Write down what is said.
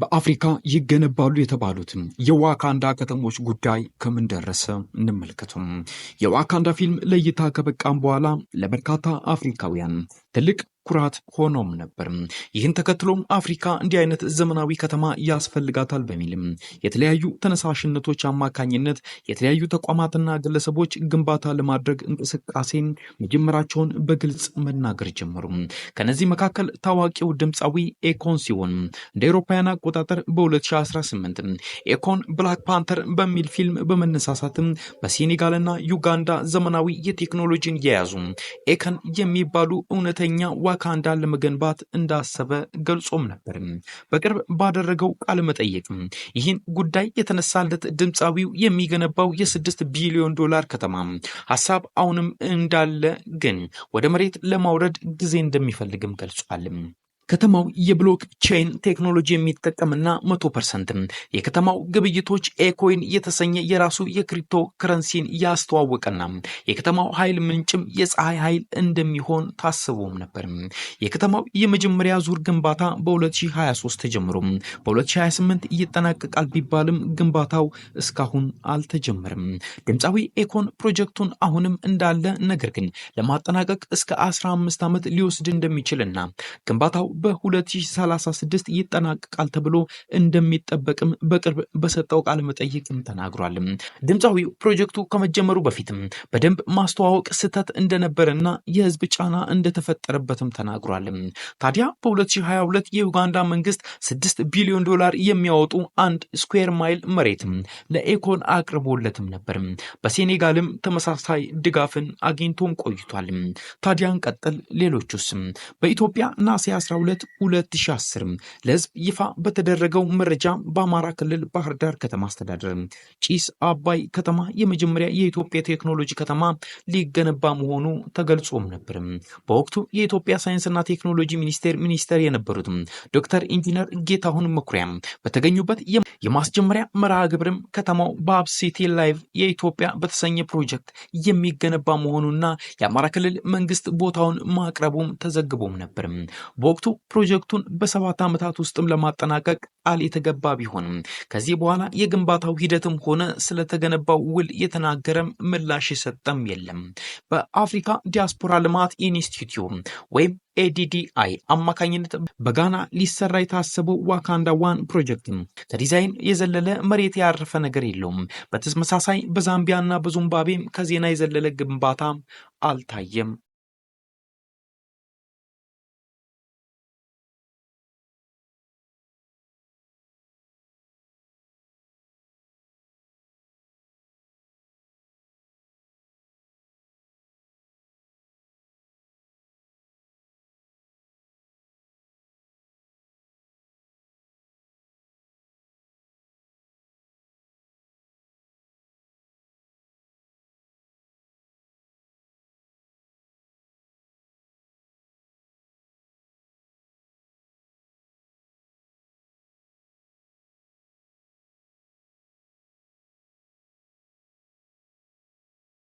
በአፍሪካ ይገነባሉ የተባሉትን የዋካንዳ ከተሞች ጉዳይ ከምን ደረሰ እንመልከቱም። የዋካንዳ ፊልም ለእይታ ከበቃም በኋላ ለበርካታ አፍሪካውያን ትልቅ ኩራት ሆኖም ነበር። ይህን ተከትሎም አፍሪካ እንዲህ አይነት ዘመናዊ ከተማ ያስፈልጋታል በሚልም የተለያዩ ተነሳሽነቶች አማካኝነት የተለያዩ ተቋማትና ግለሰቦች ግንባታ ለማድረግ እንቅስቃሴን መጀመራቸውን በግልጽ መናገር ጀመሩ። ከነዚህ መካከል ታዋቂው ድምፃዊ ኤኮን ሲሆን እንደ አውሮፓውያን አቆጣጠር በ2018 ኤኮን ብላክ ፓንተር በሚል ፊልም በመነሳሳትም በሴኔጋልና ዩጋንዳ ዘመናዊ የቴክኖሎጂን የያዙ ኤከን የሚባሉ እውነት ከፍተኛ ዋካንዳን ለመገንባት እንዳሰበ ገልጾም ነበር። በቅርብ ባደረገው ቃለ መጠይቅ ይህን ጉዳይ የተነሳለት ድምፃዊው የሚገነባው የስድስት ቢሊዮን ዶላር ከተማ ሀሳብ አሁንም እንዳለ ግን ወደ መሬት ለማውረድ ጊዜ እንደሚፈልግም ገልጿል። ከተማው የብሎክ ቼን ቴክኖሎጂ የሚጠቀምና መቶ ፐርሰንት የከተማው ግብይቶች ኤኮይን የተሰኘ የራሱ የክሪፕቶ ከረንሲን ያስተዋወቀና የከተማው ኃይል ምንጭም የፀሐይ ኃይል እንደሚሆን ታስቦም ነበር። የከተማው የመጀመሪያ ዙር ግንባታ በ2023 ተጀምሮ በ2028 ይጠናቀቃል ቢባልም ግንባታው እስካሁን አልተጀመርም። ድምፃዊ ኤኮን ፕሮጀክቱን አሁንም እንዳለ ነገር ግን ለማጠናቀቅ እስከ 15 ዓመት ሊወስድ እንደሚችልና ግንባታው በ2036 ይጠናቀቃል ተብሎ እንደሚጠበቅም በቅርብ በሰጠው ቃለ መጠይቅም ተናግሯል። ድምፃዊው ፕሮጀክቱ ከመጀመሩ በፊትም በደንብ ማስተዋወቅ ስህተት እንደነበረና የህዝብ ጫና እንደተፈጠረበትም ተናግሯል። ታዲያ በ2022 የዩጋንዳ መንግስት 6 ቢሊዮን ዶላር የሚያወጡ አንድ ስኩዌር ማይል መሬትም ለኤኮን አቅርቦለትም ነበር። በሴኔጋልም ተመሳሳይ ድጋፍን አግኝቶም ቆይቷል። ታዲያን ቀጥል ሌሎቹስም በኢትዮጵያ ናሴ 12 12 2010 ለህዝብ ይፋ በተደረገው መረጃ በአማራ ክልል ባህር ዳር ከተማ አስተዳደር ጭስ አባይ ከተማ የመጀመሪያ የኢትዮጵያ ቴክኖሎጂ ከተማ ሊገነባ መሆኑ ተገልጾም ነበር። በወቅቱ የኢትዮጵያ ሳይንስና ቴክኖሎጂ ሚኒስቴር ሚኒስተር የነበሩት ዶክተር ኢንጂነር ጌታሁን መኩሪያ በተገኙበት የማስጀመሪያ መርሃ ግብርም ከተማው በአብ ሲቲ ላይቭ የኢትዮጵያ በተሰኘ ፕሮጀክት የሚገነባ መሆኑና የአማራ ክልል መንግስት ቦታውን ማቅረቡም ተዘግቦም ነበር። በወቅቱ ፕሮጀክቱን በሰባት ዓመታት ውስጥም ለማጠናቀቅ ቃል የተገባ ቢሆንም ከዚህ በኋላ የግንባታው ሂደትም ሆነ ስለተገነባው ውል የተናገረም ምላሽ የሰጠም የለም። በአፍሪካ ዲያስፖራ ልማት ኢንስቲትዩት ወይም ኤዲዲአይ አማካኝነት በጋና ሊሰራ የታሰበው ዋካንዳ ዋን ፕሮጀክት ከዲዛይን የዘለለ መሬት ያረፈ ነገር የለውም። በተመሳሳይ በዛምቢያና በዙምባቤም ከዜና የዘለለ ግንባታ አልታየም